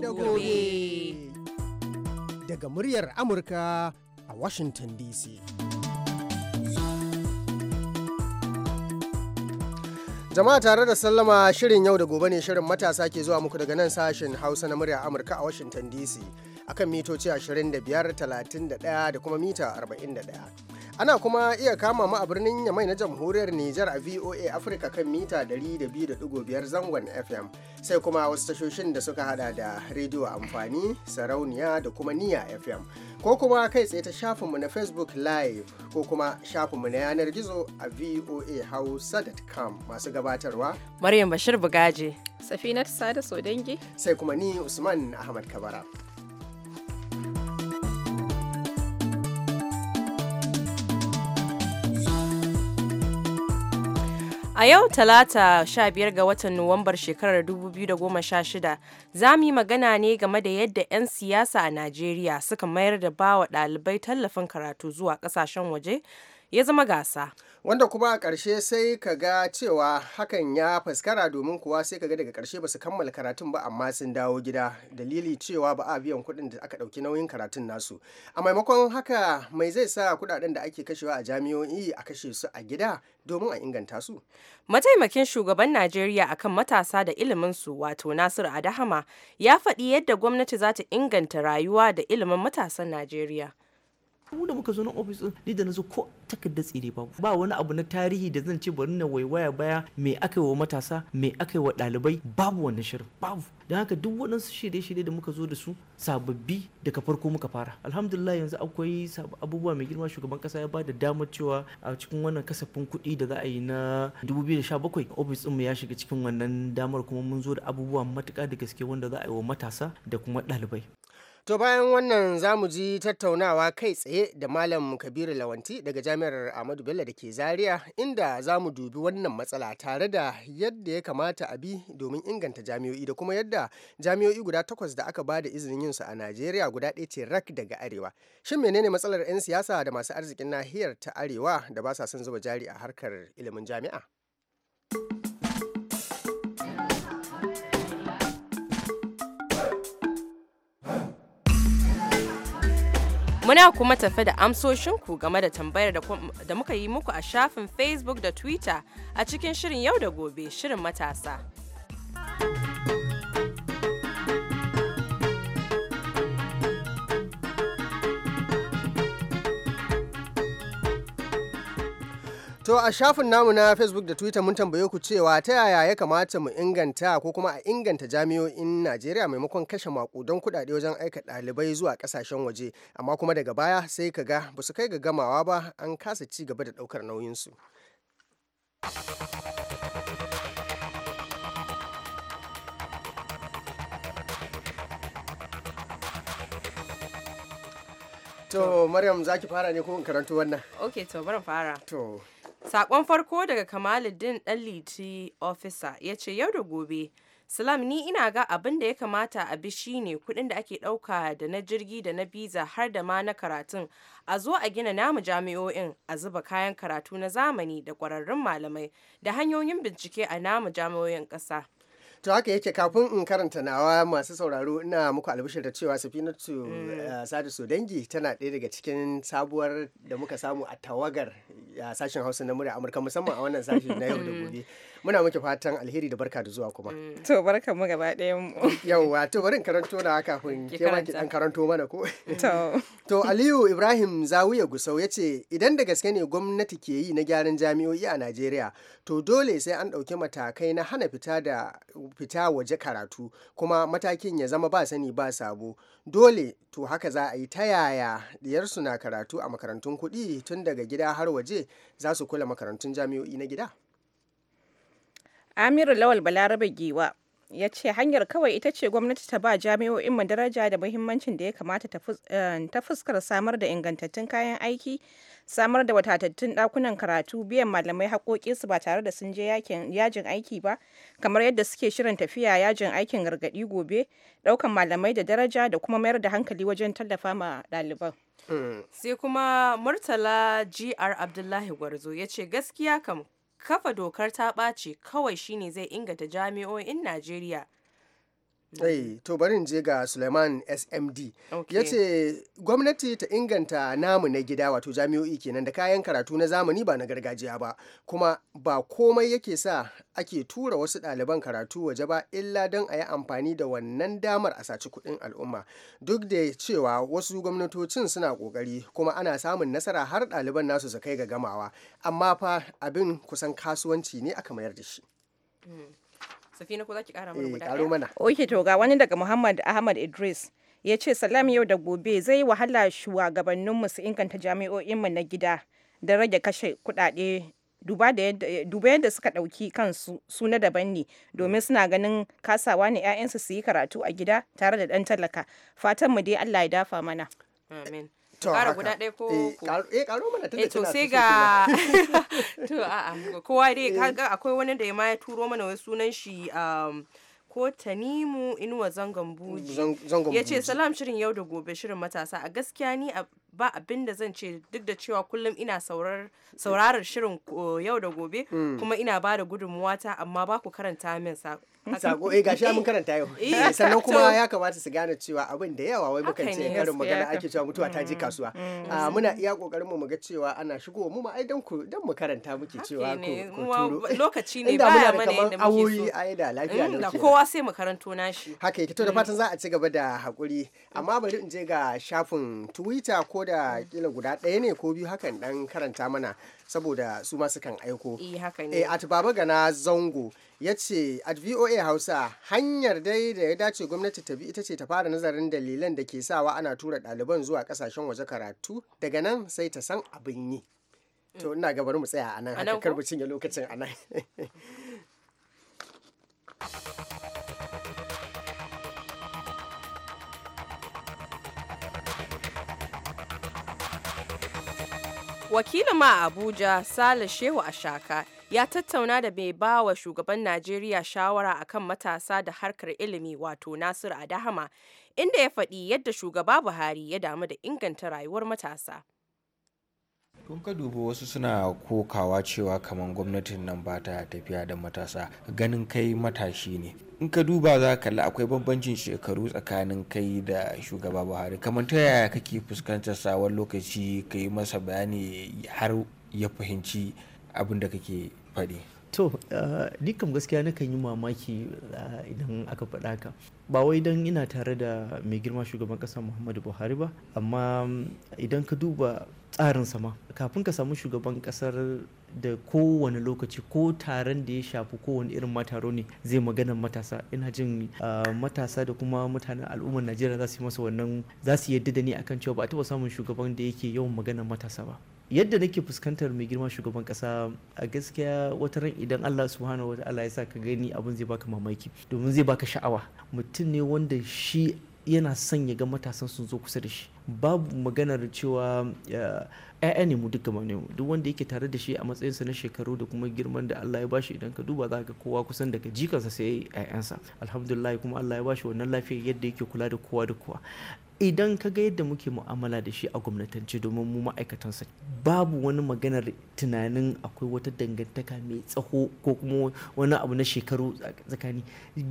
da gobe. Daga muryar Amurka a Washington DC. Jama'a tare da sallama shirin yau da gobe ne shirin matasa ke zuwa muku daga nan sashen Hausa na muryar Amurka a Washington DC akan mitoci 25, 31 da kuma mita 41. Ana kuma iya kama mu a birnin Yamai na jamhuriyar Nijar a VOA Africa kan mita 200.5 zangon FM sai kuma wasu tashoshin da suka hada da rediyo amfani, sarauniya da kuma niya FM. Ko kuma kai tsaye ta shafinmu na Facebook Live ko kuma shafinmu na yanar gizo a voahausa.com masu gabatarwa. Maryam Bashir Bugaji Safinat Sada Sodangi. Sai kuma ni Usman Ahmad Kabara. A yau talata 15 ga watan Nuwambar shekarar 2016 za mu yi magana ne game da yadda 'yan siyasa a Najeriya suka mayar da bawa ɗalibai tallafin karatu zuwa ƙasashen waje ya zama gasa wanda kuma a ƙarshe sai ka ga cewa hakan ya faskara domin kuwa sai ka ga daga ƙarshe ba su kammala karatun ba amma sun dawo gida dalili cewa ba a biyan kuɗin da aka ɗauki nauyin karatun nasu a maimakon haka mai zai sa kuɗaɗen da ake kashewa a jami'o'i a kashe su a gida domin a inganta su mataimakin shugaban najeriya akan matasa da ilimin su wato nasir adahama ya faɗi yadda gwamnati za ta inganta rayuwa da ilimin matasan najeriya mu da muka zo na ofis din ni da na zo ko takardar tsire babu ba wani abu na tarihi da zan ce bari na waiwaya baya me aka yi wa matasa me aka yi wa ɗalibai babu wannan shirin babu don haka duk waɗansu shirye-shirye da muka zo da su sababbi daga farko muka fara alhamdulillah yanzu akwai abubuwa mai girma shugaban kasa ya ba da damar cewa a cikin wannan kasafin kuɗi da za a yi na 2017 ofis ɗinmu ya shiga cikin wannan damar kuma mun zo da abubuwa matuƙa da gaske wanda za a yi wa matasa da kuma ɗalibai To bayan wannan za mu ji tattaunawa kai tsaye da Malam Kabiru Lawanti daga Jami'ar Ahmadu Bello da ke Zaria inda za mu dubi wannan matsala tare da yadda ya kamata a bi domin inganta jami'o'i da kuma yadda jami'o'i guda takwas da aka ba da izinin yinsu a Najeriya guda ɗaya ce rak daga Arewa. Shin menene matsalar 'yan siyasa da masu arzikin nahiyar ta Arewa da ba sa son zuba jari a harkar ilimin jami'a? Muna kuma tafe da amsoshinku game da tambayar da muka yi muku a shafin Facebook da Twitter a cikin shirin yau da gobe shirin matasa. To a shafin namu na Facebook da Twitter mun tambaye ku cewa ta yaya ya kamata mu inganta ko kuma a inganta jami'o'in Najeriya maimakon kashe makudan kudade wajen aika ɗalibai zuwa ƙasashen waje amma kuma daga baya sai ka ga ba su kai ga gamawa ba an kasa ci gaba da ɗaukar nauyinsu. To Maryam za ki fara ne ko in wannan? Ok to bari fara. To. Sakon farko daga Kamaluddin ɗan liti officer ya ce yau da gobe Salam ni ina ga abin da ya kamata a bi shi ne kuɗin da ake ɗauka da na jirgi da na biza har da ma na karatun a zo a gina namu jami'o'in a zuba kayan karatu na zamani da ƙwararrun malamai da hanyoyin bincike a namu jami'o'in ƙasa. to haka yake kafin in karanta nawa masu sauraro ina muku albishir da cewa safinatu mm. eh, sadu su dangi tana ɗaya daga cikin sabuwar da muka samu a tawagar sashen hausa na murya amurka musamman a wannan sashen na yau da mm. gobe muna muke fatan alheri da barka da zuwa kuma mm. to barka mu gaba ɗaya mu yawwa to bari karanto na kun ke ma ki dan karanto mana ko to to Aliyu Ibrahim Zawiya Gusau ya ce idan da gaske ne gwamnati ke yi na gyaran jami'o'i a Najeriya to dole sai an ɗauki matakai na hana fita da fita waje karatu kuma matakin ya zama ba sani ba sabo dole to haka za a yi ta yaya ɗiyarsu na karatu a makarantun kuɗi tun daga gida har waje za su kula makarantun jami'o'i na gida Amiru Lawal Balarabe Giwa ya ce hanyar kawai ita ce gwamnati ta ba jami'o'in mu daraja da muhimmancin da ya kamata ta eh, fuskar samar da ingantattun kayan aiki samar da watatattun dakunan karatu biyan malamai su ba tare da sun je yajin aiki ba kamar yadda suke shirin tafiya yajin aikin gargaɗi gobe ɗaukan malamai da daraja da kuma mayar da hankali wajen tallafa ma ɗaliban. Mm. sai kuma murtala gr abdullahi gwarzo ya ce gaskiya kam Kafa dokar ta ɓace kawai shine zai inganta jami'o'in Najeriya Hey, to barin je ga Suleiman SMD. Okay. Ya ce gwamnati ta inganta namu na gida wato jami'o'i kenan da kayan karatu na zamani ba na gargajiya ba, kuma ba komai yake sa ake tura wasu ɗaliban karatu waje ba illa don a yi amfani da wannan damar a saci kuɗin al'umma. Duk da cewa wasu gwamnatocin suna ƙoƙari kuma ana samun nasara har ɗaliban nasu su kai ga gamawa, amma fa abin kusan kasuwanci ne aka mayar da shi. Mm. Safina ko za kara mana eh, guda. karo mana. to ga wani daga Muhammad Ahmad Idris. ya ce salam yau da gobe zai wahala shugabanninmu su inganta jami'o'inmu na gida da rage kashe kudade duba yadda suka ɗauki kansu su na daban ne domin suna ganin kasawa ne 'ya'yansu su yi karatu a gida tare da ɗan talaka fatan mu dai allah ya dafa mana amin ƙara guda ko dai eh. akwai wani da ya ma ya turo mana wani sunan shi um, ko tanimu inuwa zangon buji ya ce salam shirin yau da gobe shirin matasa a gaskiya ni ba abin da zan ce duk da cewa kullum ina saurarar shirin eh, yau da gobe mm. kuma ina ba da ta amma ba ku karanta min sako eh gashi mun karanta yau eh, eh, sannan kuma ya kamata su gane cewa abin da yawa wai mukan ce karin magana ake cewa mutuwa ta je mm, kasuwa mm. Ah, muna iya kokarin mu ga cewa ana shigo mu ma ai dan ku dan mu karanta muke cewa ku turo lokaci ne baya mana yadda muke so awoyi ai da lafiya mm, da kowa sai mu karanto nashi haka yake to da fatan za a ci gaba da hakuri amma bari in je ga shafin Twitter ko da kila guda ɗaya ne ko biyu hakan dan karanta mana saboda su ma sukan aiko eh, eh at baba gana zango ya ce at voa hausa hanyar dai da ya dace gwamnati ta bi ita ce ta fara nazarin dalilan da ke sawa ana tura ɗaliban zuwa ƙasashen waje karatu daga nan sai ta san abin yi to mm. ina gabar mu tsaya a nan haka karbucin ya lokacin a nan wakilin ma abuja sale shehu ashaka ya tattauna da mai ba wa shugaban Najeriya shawara akan matasa da harkar ilimi wato Nasiru Adahama inda ya faɗi yadda shugaba Buhari ya damu da inganta rayuwar matasa. tun ka dubi wasu suna kokawa cewa kamar gwamnatin nan ba ta tafiya da matasa ganin kai matashi ne in ka duba za ka kalli akwai bambancin shekaru tsakanin kai da shugaba buhari kamar ta yaya kake fuskantar sawan lokaci ka yi masa bayani har ya fahimci abin da kake faɗi to eh, ni kam gaskiya na kan yi mamaki eh, idan aka faɗa ka ba wai don ina tare da mai girma shugaban ƙasa muhammadu buhari ba amma idan ka duba tsarin sama kafin ka samu shugaban kasar da kowane lokaci ko taron da ya shafi kowane irin mataro ne zai magana matasa ina jin ah, matasa da kuma mutanen al'ummar najeriya za su yi masa wannan za su yadda da ni akan cewa ba a taɓa samun shugaban da yake yawan magana matasa ba yadda nake fuskantar mai girma shugaban kasa a gaskiya wata ran idan Allah subhanahu ta'ala ya sa ka gani abin zai baka mamaki domin zai baka sha'awa mutum ne wanda shi yana son ya ga matasan sun zo kusa da shi babu maganar cewa ‘ya'ya eh, ne mu duka ne duk wanda yake tare da shi a matsayinsa na shekaru da kuma girman da Allah ya bashi idan ka duba za ka kowa kusan daga jikansa sai ‘ya'yansa alhamdulillah kuma Allah ya bashi wannan lafiya yadda yake kula da kowa da kowa idan ka ga yadda muke mu'amala da shi a gwamnatance domin mu ma'aikatansa babu wani maganar tunanin akwai wata dangantaka mai tsaho ko kuma wani abu na shekaru tsakani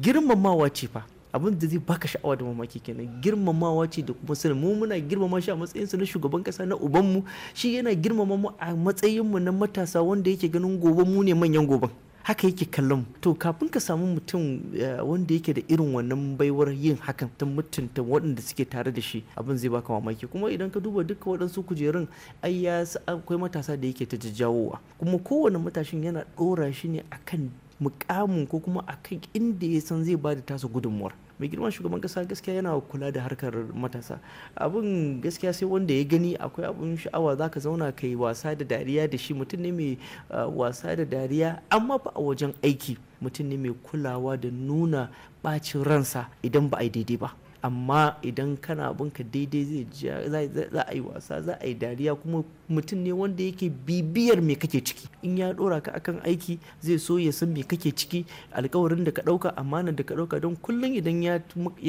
girmamawa ce fa abin da zai baka sha'awa da mamaki kenan girmamawa ce da kuma sanin mu muna girmama shi a matsayinsa na shugaban kasa na ubanmu shi yana girmama mu a matsayinmu na matasa wanda yake ganin gobe mu ne manyan gobe haka yake kallon to kafin ka samu mutum eh, wanda yake da irin wannan baiwar yin hakan ta mutunta waɗanda suke tare da shi abin zai baka mamaki kuma idan ka duba duka waɗansu kujerun ai ya akwai matasa da yake ta jajjawowa kuma kowane matashin yana ɗora shi ne akan mukamin ko kuma a kan inda ya san zai bada tasa gudunmuwar mai girman shugaban kasa gaskiya yana kula da harkar matasa abin gaskiya sai wanda ya gani akwai abin sha'awa za ka zauna kai wasa da dariya da shi mutum ne mai ah, wasa da dariya amma ba a wajen aiki mutum ne mai kulawa da nuna bacin ransa idan ba a yi daidai ba amma idan kana ka daidai zai za a yi wasa za a yi dariya kuma mutum ne wanda yake bibiyar me kake ciki in ya dora ka akan aiki zai so ya san me kake ciki alkawarin da ka dauka amanar da ka dauka don kullum idan ya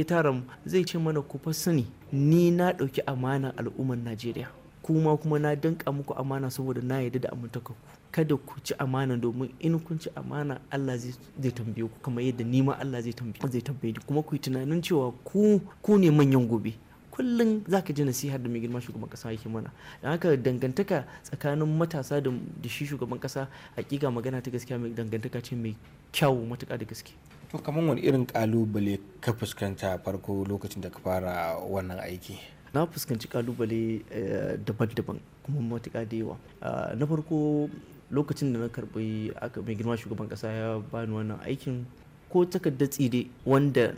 tara zai ce mana ku fa sani ni na dauki amanar al'ummar Najeriya kuma kuma na danka muku amana saboda na yarda da ku kada ku ci amana domin in kun ci amana Allah zai tambaye ku kamar yadda nima Allah zai tambaye ku kuma ku yi tunanin cewa ku ne manyan gobe kullum za ka ji nasihar da mai girma shugaban kasa yake mana don haka dangantaka tsakanin matasa da shi shugaban kasa hakika magana ta gaskiya mai dangantaka ce mai kyawu matuka da gaske to kamar wani irin kalubale ka fuskanta farko lokacin da ka fara wannan aiki na fuskanci kalubale eh, daban-daban kuma matuka da yawa ah, na farko lokacin da na karbi aka mai girma shugaban kasa ya bani wannan aikin ko takardar tsire wanda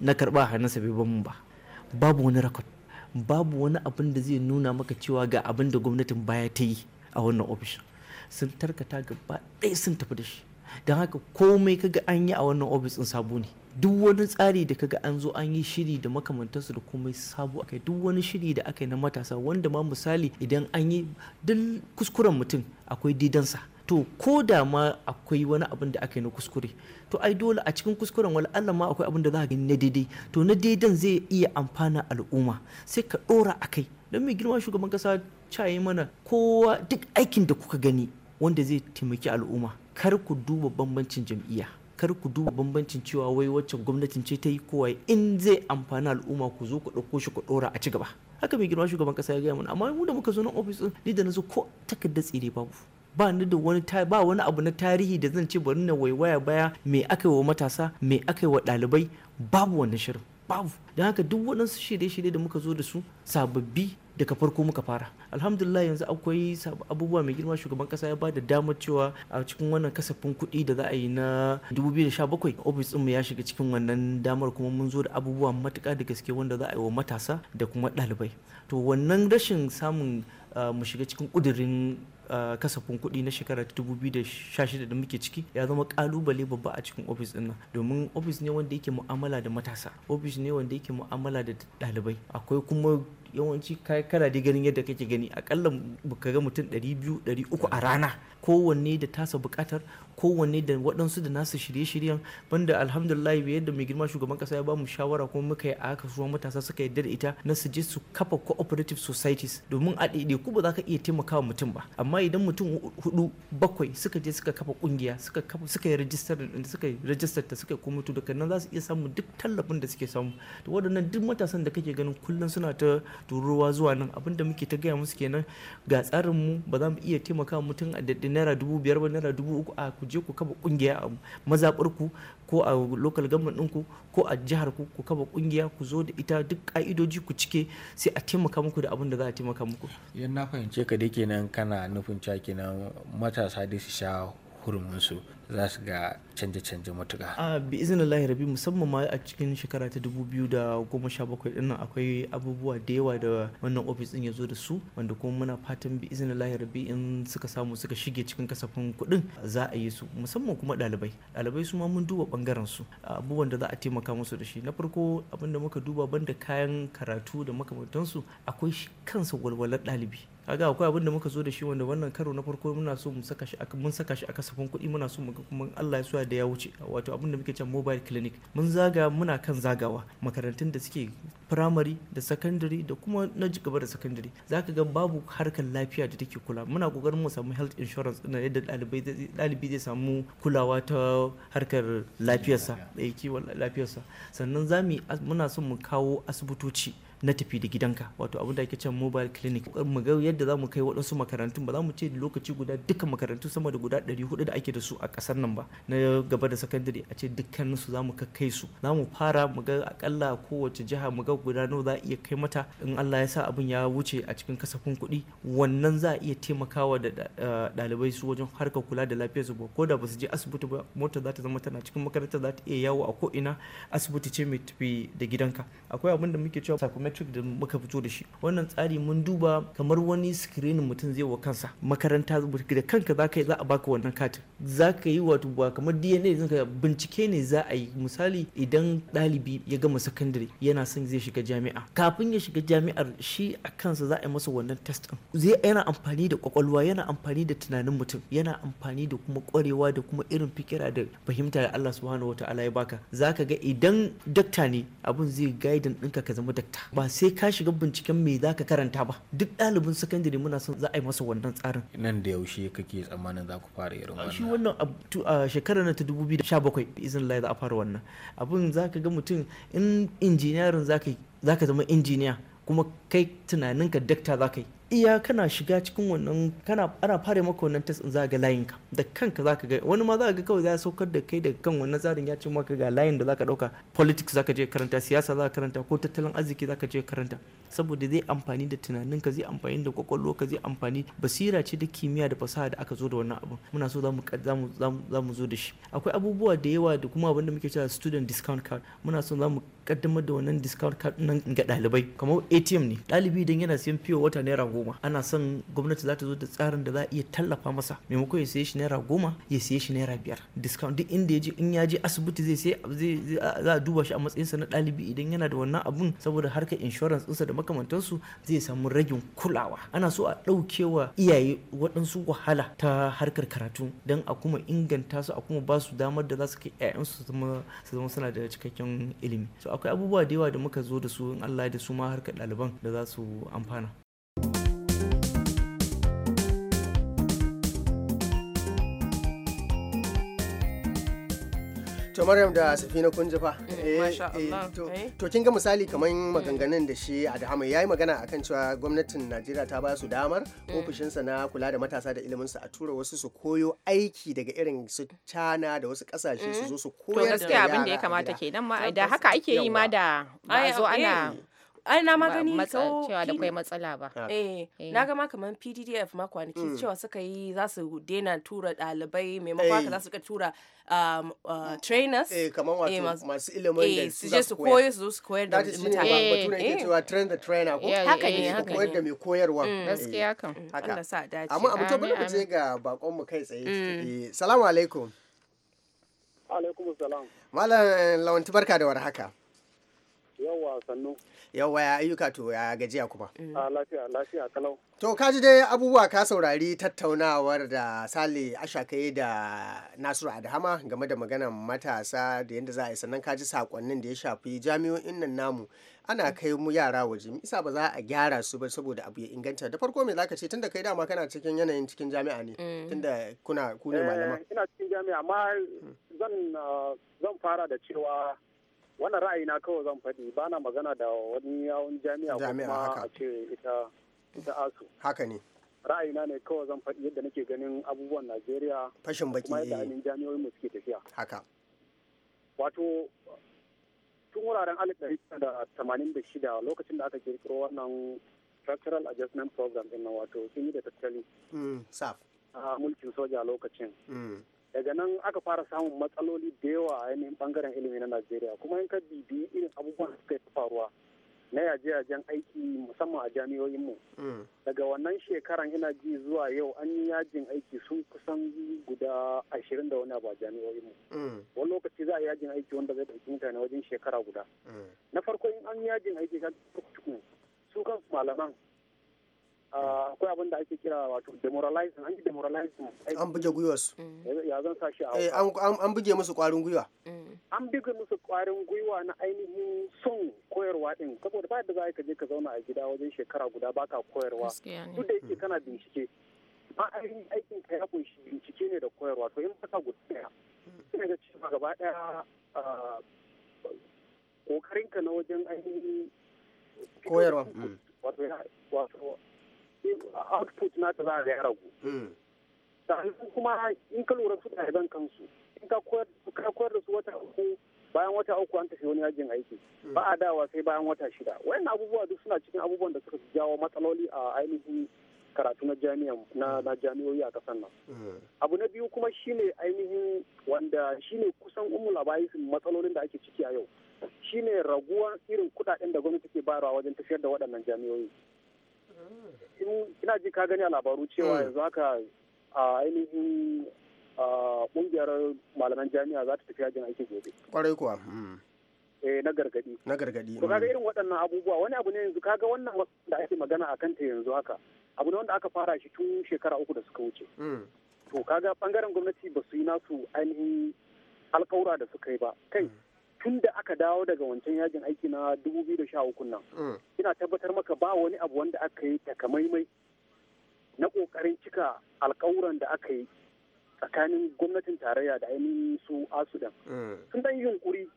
na karba hannunsa bai ban ba babu wani rakon babu wani abin da zai nuna maka cewa ga abin da gwamnatin baya ta yi a wannan ofishin sun tarkata gaba ɗaya sun tafi da shi don haka komai kaga an yi a wannan ofis ɗin sabo ne duk wani tsari da kaga an zo an yi shiri da makamantansu da kuma sabo akai duk wani shiri da aka yi na matasa wanda ma misali idan an yi duk kuskuren mutum akwai didansa to ko da ma akwai wani abin da aka yi na kuskure to ai dole a cikin kuskuren wala Allah ma akwai abin da za ka gani na daidai to na daidan zai iya amfana al'umma sai ka dora akai don mai girma shugaban kasa caye mana kowa duk aikin da kuka gani wanda zai taimaki al'umma kar ku duba bambancin jam'iyya kar ku duba bambancin cewa wai waccan gwamnatin ce ta yi kowai in zai amfani al'umma ku zo ku ɗauko shi ku ɗora a ci gaba haka mai girma shugaban kasa ya gaya mana amma mu da muka zo nan ofis ɗin ni da na zo ko takardar tsire babu ba ni da wani ba wani abu na tarihi da zan ce bari na waiwaya baya me aka yi wa matasa me aka yi wa ɗalibai babu wannan shirin babu don haka duk waɗansu shirye-shirye da muka zo da su sababbi daga farko muka fara alhamdulillah yanzu akwai abubuwa mai girma shugaban kasa ya ba da damar cewa a cikin wannan kasafin kuɗi da za a yi na 2017 ofis mu ya shiga cikin wannan damar kuma mun zo da abubuwa matuƙa da gaske wanda za a yi wa matasa da kuma ɗalibai to wannan rashin samun ah, mu shiga cikin ƙudurin Eh, kasafin kuɗi na shekara 2016 da muke ciki ya zama kalubale babba a cikin ofis ɗin nan domin ofis ne wanda yake mu'amala da matasa ofis ne wanda yake mu'amala da ɗalibai akwai kuma yawanci kana da ganin yadda kake gani akalla ka ga mutum 200 300 a rana kowanne da tasa bukatar kowanne da waɗansu da nasu shirye-shiryen banda alhamdulillah bai yadda mai girma shugaban kasa ya ba mu shawara kuma muka yi a haka su matasa suka yi da ita na suje su kafa cooperative societies domin a ɗaiɗe ku ba za ka iya taimakawa mutum ba amma idan mutum hudu bakwai suka je suka kafa kungiya suka kafa suka yi rajistar suka ta suka kuma to daga nan za su iya samu duk tallafin da suke samu to waɗannan duk matasan da kake ganin kullum suna ta turuwa zuwa nan abinda muke ta gaya musu kenan ga tsarin mu ba za mu iya taimakawa mutum a daɗi naira dubu biyar ba naira dubu uku a je ku kaba kungiya a mazaɓarku ko a local government ɗinku ko a jihar ku ku kaba kungiya ku zo da ita duk ka'idoji ku cike sai a taimaka muku da abin da za a taimaka muku. Yan na fahimce ka dai kenan kana nufin cewa matasa dai su sha kurminsu za su ga canje-canje matuka. a ah, bi lahi rabi musamman ma a cikin shekara ta dubu biyu da goma 2017 din nan akwai abubuwa da yawa da wannan ofis din ya zo da su wanda kuma muna fatan bi lahi rabi in suka samu suka shige cikin kasafin kuɗin za a yi su musamman kuma ɗalibai ɗalibai su ma mun duba ɓangaren su abubuwan da za a taimaka musu da shi na farko abin da muka duba banda kayan karatu da makamantansu akwai shi kansa walwalar ɗalibi kaga akwai abin da muka zo da shi wanda wannan karo na farko muna so mun saka shi a kasafin kuɗi muna so mu kuma Allah ya suwa da ya wuce wato abin da muke cewa mobile clinic mun zaga muna kan zagawa makarantun da suke firamare da sakandare da kuma na gaba da sakandare za ka ga babu harkar lafiya da take kula muna kokarin mu samu health insurance ɗin yadda ɗalibi zai samu kulawa ta harkar lafiyarsa eh, kiwon lafiyarsa sannan za mu muna son mu kawo asibitoci na tafi da gidanka wato abin da ake cewa mobile clinic mu ga yadda za mu kai waɗansu makarantun ba za mu ce lokaci guda dukkan makarantu sama da guda 400 da ake da su a ƙasar nan ba na gaba da sakandare a ce dukkaninsu za mu kai su za mu fara mu ga akalla kowace jiha mu ga guda nawa za a iya kai mata in Allah ya sa abin ya wuce a cikin kasafin kuɗi wannan za a iya taimakawa da eh, ɗalibai su wajen harkar kula da lafiyarsu ba ko da ba su je asibiti ba mota za ta zama tana cikin makaranta za ta iya yawo a ko ina asibiti ce mai tafi da gidanka akwai abin da muke cewa psychometric da muka fito da shi wannan tsari mun duba kamar wani screen mutum zai wa kansa makaranta da kanka za ka yi za a baka wannan katin za ka yi wato ba kamar dna bincike ne za a yi misali idan ɗalibi ya gama sakandare yana son zai shiga jami'a kafin ya shiga jami'ar shi a kansa za a yi masa wannan test din zai yana amfani da kwakwalwa yana amfani da tunanin mutum yana amfani da kuma kwarewa da kuma irin fikira da fahimta da Allah subhanahu wataala ya baka zaka ga idan dakta ne abun zai gaidin ɗinka ka zama dakta ba sai ka shiga binciken me zaka karanta ba duk ɗalibin sakandare muna son za a yi masa wannan tsarin nan da yaushe kake tsammanin za ku fara irin wannan shi wannan a shekarar na ta 2017 izin Allah za a fara wannan abun zaka ga mutum in injiniyarin zaka za ka zama injiniya kuma kai tunaninka dakta za ka yi iya kana shiga cikin wannan kana ana fara maka wannan test in za ga layin ka da kanka za ka ga wani ma za ga kawai za saukar da kai daga kan wannan tsarin ya ce maka ga layin da za ka dauka politics za ka je karanta siyasa za ka karanta ko tattalin arziki za ka je karanta saboda zai amfani da tunanin ka zai amfani da kwakwalwa ka zai amfani basira ce da kimiyya da fasaha da aka zo da wannan abun muna so za mu zo da shi akwai abubuwa da yawa da kuma abinda muke cewa student discount card muna so za mu kaddamar da wannan discount card nan ga ɗalibai kamar atm ne ɗalibi idan yana siyan fiyo wata naira goma ana son gwamnati za ta zo da tsarin da za a iya tallafa masa maimakon ya siye shi naira goma ya siye shi naira biyar discount duk inda ya je in ya je asibiti zai sai za a duba shi a matsayinsa na ɗalibi idan yana da wannan abun saboda harkar insurance ɗinsa da makamantansu zai samu ragin kulawa ana so a wa iyaye waɗansu wahala ta harkar karatu don a kuma inganta su a kuma ba su damar da za su kai 'ya'yansu su zama suna da cikakken ilimi akwai abubuwa da yawa da muka zo da su in Allah da su ma harkar ɗaliban da za su amfana to maryam da safina kun ji fa eh, eh, eh, to kin ga misali kamar maganganun da shi adamu ya yi magana akan cewa gwamnatin najeriya ta ba su damar ofishinsa na kula da matasa da ilimin su a tura wasu su koyo aiki daga irin su cana da wasu kasashe su mm. zo su koyar da gaskiya abin da ya kamata kenan ma da haka ake yi ma da ba zo ana ai na ma gani cewa da kai matsala ba eh, eh na ga ma kaman PDDF ma kwanaki mm. cewa suka yi za su dena tura dalibai maimakon haka eh. za su ka tura um, uh, trainers eh kaman wato eh, masu ilimin da su je su koyo su su koyar da mutane eh bature ke cewa train the trainer ko haka ne haka koyar da mai koyarwa mm. Mm, gaskiya kan Allah sa dace amma abu to bari mu je ga bakon mu kai tsaye salamu alaikum alaikum salam malam Lawan tabarka da warhaka yawa sannu yawa ya ayyuka to ya gajiya kuma mm. a ah, lafiya lafiya kalau to kaji dai abubuwa ka saurari tattaunawar da sale ashakai da nasiru adhama game da maganar matasa da yadda za a yi sannan kaji sakonnin da ya shafi jami'o'in nan namu ana kai mu yara waje isa ba za a gyara su ba saboda abu ya inganta da farko me zaka ce tunda kai dama kana cikin yanayin cikin jami'a ne mm. tunda kuna ku malama eh, ina cikin jami'a amma zan ah, fara da cewa wannan ra'ayi na kawai zan faɗi ba na magana da wani yawon jami'a ko kuma a ce ita ita asu haka ne ra'ayi na ne kawai zan faɗi yadda nake ganin abubuwan Najeriya fashin baki kuma yadda eh. ainihin jami'oyin mu suke tafiya haka wato tun wuraren alif ɗari da tamanin da shida lokacin da aka kirkiro wannan structural adjustment program din wato sun yi da tattali mm, a mulkin soja lokacin mm. daga nan aka fara samun matsaloli da yawa a yanayin bangaren ilimi na najeriya kuma in ka bibi irin abubuwan da suka faruwa na yaje-yajen aiki musamman a jami'o'inmu hmm. daga wannan shekaran ina ji zuwa yau an yi yajin aiki sun kusan guda ashirin da wani abu a jami'o'inmu hmm. wani lokaci za a yi yajin aiki wanda zai ɗauki mutane wajen shekara guda hmm. na farko in an yi yajin aiki kan su kan malaman akwai abin da ake kira wato demoralizing an yi demoralizing an buge su. Mm. ya zan sa shi a eh, an buge musu kwarin gwiwa mm. an buge musu kwarin gwiwa na ainihin son koyarwa din saboda ba da za ka je ka zauna a gida wajen shekara guda baka koyarwa duk da yake kana bincike ma ainihin aikin ka ya kunshi bincike ne da koyarwa to in baka guda daya sai ga cewa gaba daya kokarinka na wajen ainihin koyarwa wato output na ta za a ya ragu hmm. sannan kuma in ka lura su kansu in ka koyar da su wata uku bayan wata uku an tafi wani yajin aiki hmm. ba a dawa sai bayan wata shida wayannan abubuwa duk suna cikin abubuwan da suka jawo matsaloli a ainihin karatu na jami'an na jami'o'i a kasan nan hmm. abu na biyu kuma shine ainihin wanda shine kusan umu labarisin matsalolin da ake ciki a yau shine raguwar irin kudaden da gwamnati ke bayarwa wajen tafiyar da waɗannan jami'oyi. ina ji ka gani a labaru cewa hmm. yanzu haka a ainihin kungiyar malaman jami'a za ta tafi yajin aiki gobe kwarai kuwa hmm. eh, na gargadi na gargadi to kaga hmm. irin waɗannan abubuwa wani abu ne yanzu kaga wannan da ake magana a kanta yanzu haka abu ne wanda aka fara shi tun shekara uku da suka wuce to kaga ɓangaren gwamnati ba su yi nasu ainihin alkawura da suka yi ba kai tun da aka dawo daga wancan yajin aiki na 2013 nan hmm. ina tabbatar maka ba wani abu wanda aka yi takamaimai na kokarin cika alkawuran da aka yi tsakanin gwamnatin tarayya da ainihin su asudan hmm. sun dan yunkuri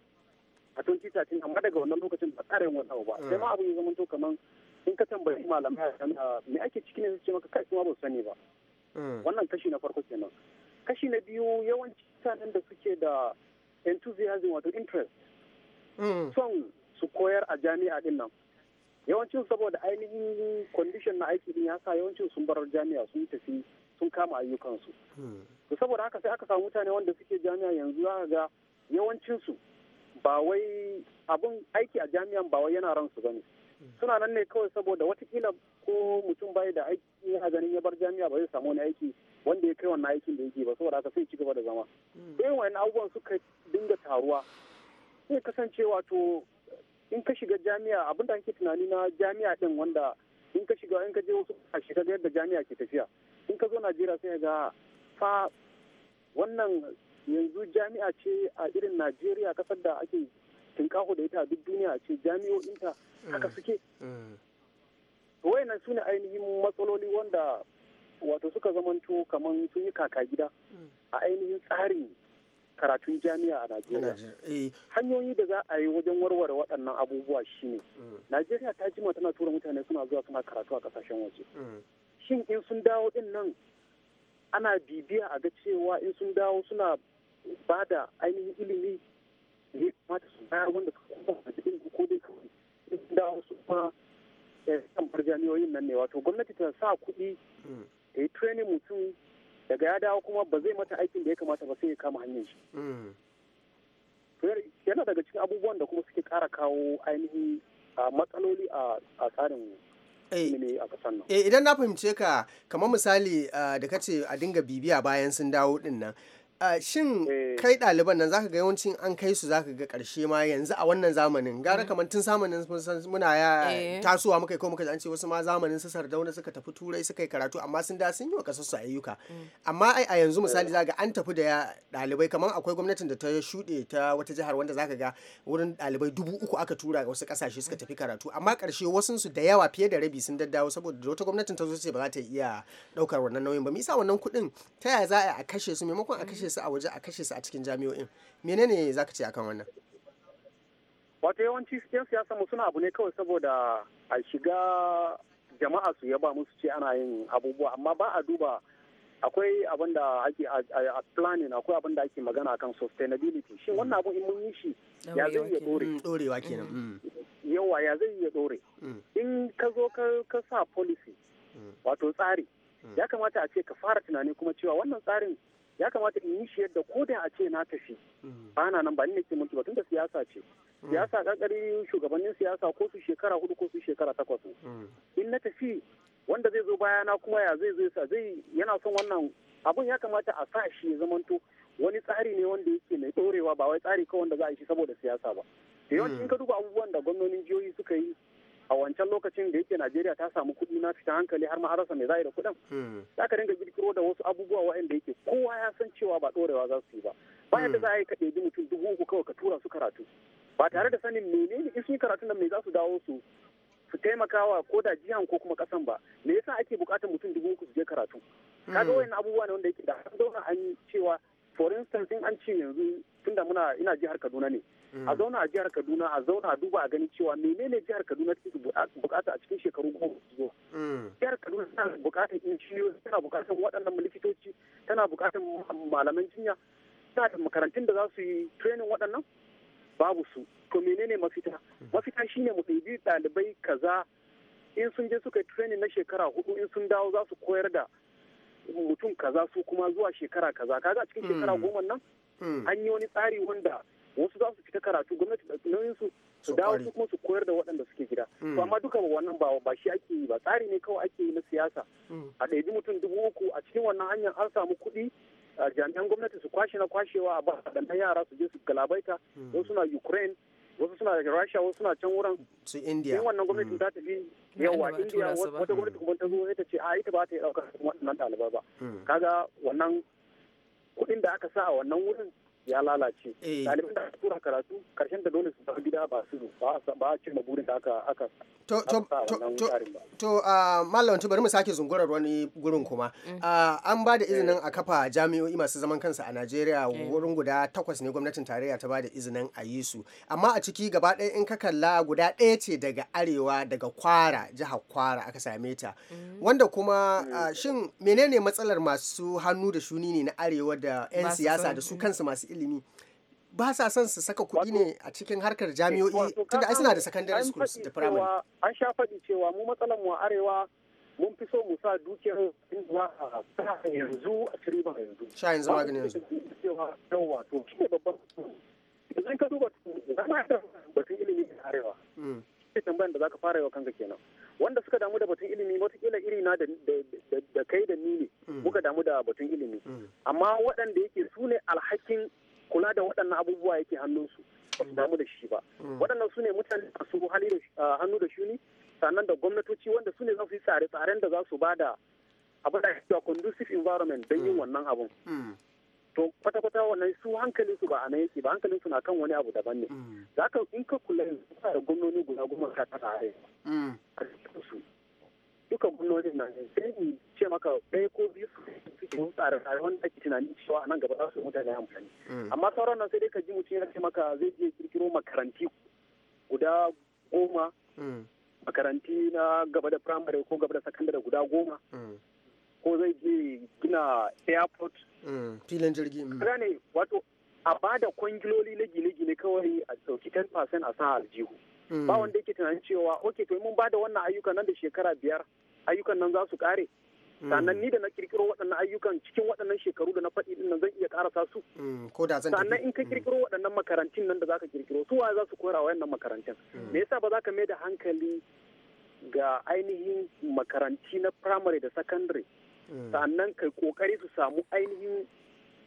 a 2013 amma daga wannan lokacin ba tsara yin ba hmm. sai ma abu ya zama to kaman in ka tambayi malamai a kan ah, me ake ciki ne ce maka kai kuma ba su sani ba wannan kashi na farko kenan kashi na biyu yawanci mutanen da suke da enthusiasm wato interest mm. son su koyar a jami'a din nan yawancin saboda ainihin condition na aiki din ya sa yawancin sun bar jami'a sun tafi sun kama ayyukansu mm. to saboda haka sai aka samu mutane wanda suke jami'a yanzu za ga yawancinsu ba wai abun aiki a jami'an ba wai yana ransu bane mm. suna nan ne kawai saboda watakila ko mutum bai da aiki a ganin ya bar jami'a ba zai samu wani aiki wanda ya kai wannan aikin da yake ba saboda haka sai ci gaba da zama hmm. sai wani abubuwan suka dinga taruwa sai kasance to in ka shiga jami'a abin da ake tunani na jami'a din wanda in ka shiga in ka je wasu a shiga ga yadda jami'a ke tafiya in ka zo Najeriya sai ga fa wannan yanzu jami'a ce a irin Najeriya kasar da ake tinkaho da ita a duk duniya ce jami'o'inta haka hmm. suke hmm. wayannan su ne ainihin matsaloli wanda wato suka zamanto kamar sun yi kaka gida mm. a ainihin tsarin karatun jami'a a Najeriya. Eh. Hanyoyi da za a yi wajen warware waɗannan abubuwa shine mm. Najeriya ta jima tana tura mutane suna zuwa suna karatu a kasashen waje. Mm. Shin in sun dawo din nan ana bibiya a ga cewa in sun dawo suna ba da ainihin ilimi ne kamata su bayar wanda suka kuma a cikin ko dai kawai in sun dawo su kuma eh, kan jami'oyin nan ne wato gwamnati ta sa kuɗi ta yi training mutum daga ya dawo kuma ba zai mata aikin da ya kamata ba sai ya kama hanyar shi mm. yana daga cikin abubuwan da kuma suke kara kawo ainihin matsaloli a tsarin eh, eh, idan na fahimce ka kamar misali da ka ce a dinga bibiya bayan sun dawo din shin eh. kai ɗaliban nan zaka ga yawancin an kai su zaka ga ƙarshe ma yanzu a wannan zamanin gara mm-hmm. kamar tun zamanin muna ya eh. tasowa muka ko muka an ce wasu ma zamanin su sardauna suka tafi turai suka yi karatu amma sun da sun yi wa kasar su ayyuka mm. amma ai a yanzu misali eh. zaka an tafi da ɗalibai kamar akwai gwamnatin da ta shuɗe ta wata jihar wanda zaka ga wurin ɗalibai dubu uku aka tura ga wasu ƙasashe suka tafi karatu amma ƙarshe wasun su da yawa fiye da rabi sun daddawo saboda wata gwamnatin ta zo ce ba za ta iya ɗaukar wannan nauyin ba misa wannan kuɗin ta yaya za a kashe su maimakon a kashe su a waje a kashe su a cikin jami'o'in menene za ka ce akan wannan wato yawanci yan siyasa mu suna abu ne kawai saboda a shiga jama'a su ba musu ce ana yin abubuwa amma ba a duba akwai abin da ake a planning akwai abin da ake magana akan sustainability shin wannan abu in mun yi shi ya zai iya dore dorewa kenan yawa mm. ya zai iya dore mm. in ka zo ka sa policy mm. wato tsari ya kamata a ce ka fara tunani kuma cewa wannan tsarin ya kamata in yi shi yadda ko da a ce na tafi mm. ba na nan ba ni ke mulki ba da siyasa ce mm. siyasa kankari shugabannin siyasa ko su shekara hudu ko su shekara takwas mm. in na tafi wanda zai zo baya na kuma ya zai zai sa zai yana son wannan abun ya kamata a sa shi ya zamanto wani tsari ne wanda yake mai ɗorewa ba wai tsari kawai wanda za a yi shi saboda siyasa ba da yawanci in ka duba abubuwan da gwamnonin jihohi suka yi a wancan lokacin da yake najeriya ta samu kuɗi na fita hankali har ma mai za'i da kuɗin hmm. za ka dinga girkiro da wasu abubuwa waɗanda yake kowa ya san cewa ba ɗorewa za su yi ba bayan da hmm. za a yi ka ɗebi mutum dubu uku kawai ka tura su karatu ba tare da sanin menene in sun yi karatun nan me za su dawo su su taimakawa ko da jihan ko kuma kasan ba me yasa ake bukatar mutum dubu uku su je karatu hmm. ka ga wayan abubuwa ne wanda yake da an zauna an cewa for instance in an ce yanzu tunda muna ina jihar Kaduna ne a zauna a jihar kaduna a zauna a duba a gani cewa menene jihar kaduna take bukata a cikin shekaru goma su zo mm. jihar kaduna tana bukatar injiniyoyi tana bukatar waɗannan likitoci tana bukatar malaman jinya tana da makarantun da za su yi training waɗannan babu su to menene mafita mafita shine mu ɗaibi ɗalibai kaza in sun je suka yi training na shekara hudu in sun dawo za su koyar da mutum kaza su kuma zuwa shekara kaza kaga a cikin shekara mm. goma nan mm. an yi wani tsari wanda wasu za su fita karatu gwamnati da nauyin su su dawo su kuma su koyar da waɗanda suke gida to mm. amma duka wannan ba ba shi ake yi ba tsari ne kawai ake yi na siyasa mm. a ɗaiɗi mutum dubu uku a cikin wannan hanyar an samu kuɗi jami'an gwamnati su kwashe na kwashewa a ba da yara su je su galabaita mm. wasu suna ukraine wasu suna da rasha wasu suna can wurin su india yin wannan gwamnatin za ta bi yawa india wata gwamnati kuma ta zo ta ce a ita ba ta yi ɗaukar waɗannan ɗalibai ba kaga wannan kuɗin da aka sa a wannan wurin ya lalace eh. ɗaliban da tura karatu karshen da dole su ba gida ba su ba a cimma burin da aka aka to to to to ah, bari mu sake zungurar wani gurin kuma mm. ah, an ba da eh. izinin a kafa jami'o'i masu zaman kansa a Najeriya eh. wurin guda takwas ne gwamnatin tarayya ta ba da izinin a yi su amma a ciki gaba ɗaya in ka kalla guda ɗaya ce daga arewa daga kwara jihar kwara aka same ta mm. wanda kuma mm. ah, shin menene matsalar masu hannu da shuni ne na arewa da 'yan siyasa da su kansu masu ilimi ba sa son su saka kuɗi ne a cikin harkar jami'o'i eh, tunda ai suna da secondary schools da primary an sha faɗi cewa mu matsalar mu a arewa mun fi so mu sa dukiyar inda a yanzu a ci ba yanzu sha yanzu gani yanzu yawa to shi ne babban yanzu ka duba zama da batun ilimi a arewa hmm. shi tambayan da zaka fara yau kanka kenan wanda suka damu da batun ilimi watakila iri na da kai da ni ne hmm. muka damu da batun ilimi hmm. amma waɗanda yake su ne alhakin kula da waɗannan abubuwa yake hannunsu ba su damu da shi ba mm. waɗannan su ne mutane masu hali da ah, hannu da shuni sannan da gwamnatoci wanda su ne za su yi tsare-tsaren da za su ba da abin da ya conducive environment don yin mm. wannan abun mm. to kwata-kwata wannan su hankalin su ba a nan yake ba hankalin su na kan wani abu daban ne za ka in ka kula da gwamnoni guda goma ka tara a su dukkan kullojin na sai in ce maka ɗaya ko biyu su suke mun tsara tsare wanda ake tunanin cewa a nan gaba za su mutane amfani mm. amma sauran nan sai dai ka ji mutum ya ce maka zai je kirkiro makaranti guda goma mm. makaranti na gaba da firamare ko gaba da sakandare guda goma mm. ko zai je gina airport filin jirgi ne wato a ba da kwangiloli na gine-gine kawai a sauki 10% a sa aljihu ba mm. wanda yake tunanin cewa ok to mun ba da wannan ayyukan nan da shekara biyar ayyukan nan za su kare mm. sannan ni da na kirkiro waɗannan ayyukan cikin waɗannan shekaru da na faɗi din nan zan iya karasa su mm, sannan in ka kirkiro waɗannan makarantun nan da zaka kirkiro su waye za su koyar wayannan makarantun me yasa ba za ka mai da hankali ga ainihin makaranti na primary da secondary sannan kai kokari su samu ainihin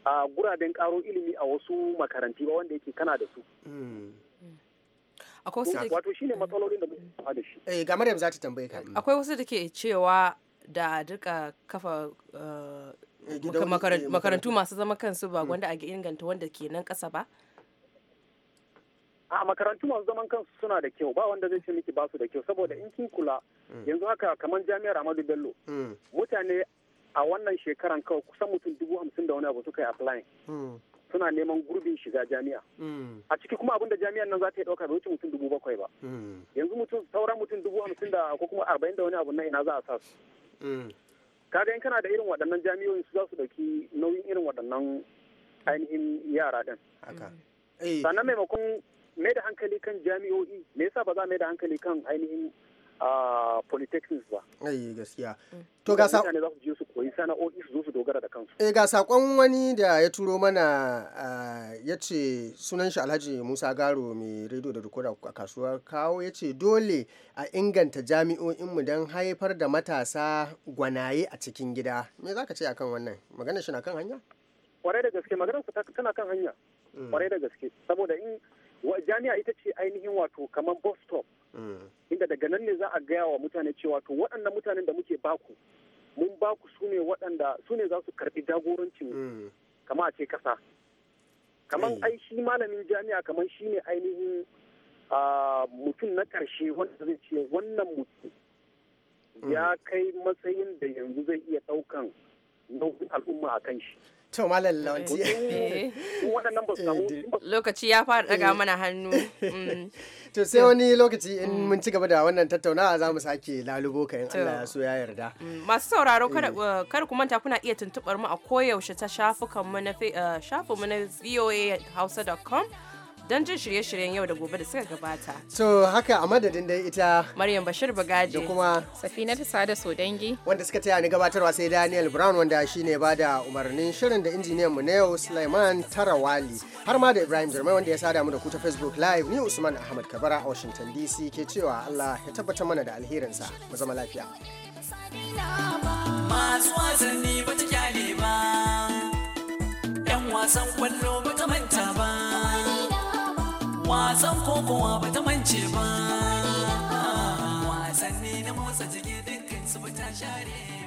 a guraben karo ilimi a wasu makaranti ba wanda yake kana da su akwai wasu da wato shine matsalolin da muke fama da shi eh ga Maryam za tambaye ka mm. akwai wasu da ke cewa da duka kafa eh, eh, eh, makarantu masu zama kansu ba mm. wanda a inganta wanda ke nan kasa ba a makarantu masu zaman kansu suna da kyau ba wanda zai ce miki basu da kyau saboda in kin kula mm. yanzu haka kamar jami'ar Amadu Bello mutane a wannan shekaran kawai kusan mutum dubu hamsin da wani abu suka yi applying suna neman gurbin shiga jami'a hmm. a ciki kuma abinda jami'an nan za ta yi dauka bai wuce mutum dubu bakwai ba hmm. yanzu mutum sauran mutum dubu hamsin da ko kuma arba'in da wani abu na ina za a sa su hmm. kaga in kana da irin waɗannan jami'o'in su za su ɗauki nauyin irin waɗannan ainihin yara ɗin eh. sannan maimakon mai da hankali kan jami'o'i me yasa ba za mai da hankali kan ainihin a ah, polytechnics ba. Ai eh, gaskiya. To ga sa. za su je sana'o'i su zo su dogara da kansu eh ga sakon wani da ya turo mana ya ce sunan shi Alhaji Musa Garo mai rediyo da rikoda a kasuwar kawo ya ce dole a inganta jami'o'inmu don haifar da matasa gwanaye a cikin gida me za ka ce akan wannan magana shi na kan hanya kwarai da gaske maganar tana kan hanya mm. kwarai da gaske saboda in jami'a ita ce ainihin wato kamar bus stop mm. inda daga nan ne za a gaya wa mutane cewa to waɗannan mutanen da muke baku mun ba ku su ne waɗanda su ne za su karɓi jagorancin mm. kama a ce ƙasa kamar mm. ai shi malamin jami'a kamar shi ne ainihin mutum na ƙarshe wanda zai ce wannan mutum ya mm. kai matsayin da yanzu zai iya ɗaukan nau'in al'umma a kan shi to malalla eh, lokaci ya fara daga eh. mana hannu mm. to sai wani lokaci in mm. mun ci gaba da wannan tattaunawa za mu sake lalubo ka in Allah ya so ya yarda mm. masu sauraro eh. uh, kar ku manta kuna iya tuntubar mu a koyaushe ta shafukan mu na uh, shafukan mu na voahausa.com don jin shirye-shiryen yau da gobe da suka gabata. So haka a madadin da ita Maryam Bashir Bagaji da kuma Safina ta sada Sodangi wanda suka taya ni gabatarwa sai Daniel Brown wanda shine ba da umarnin shirin da injiniyan mu na yau Sulaiman Tarawali har ma da Ibrahim Jirmai wanda ya sada mu da ku ta Facebook Live ni Usman Ahmad Kabara a Washington DC ke cewa Allah ya tabbatar mana da alherinsa mu zama lafiya. Masu wasanni ba ta ba, 'yan wasan kwallo ba ta manta ba. wasan kokowa ba ta mance ba wasanni na motsa jiki dukkan su ta share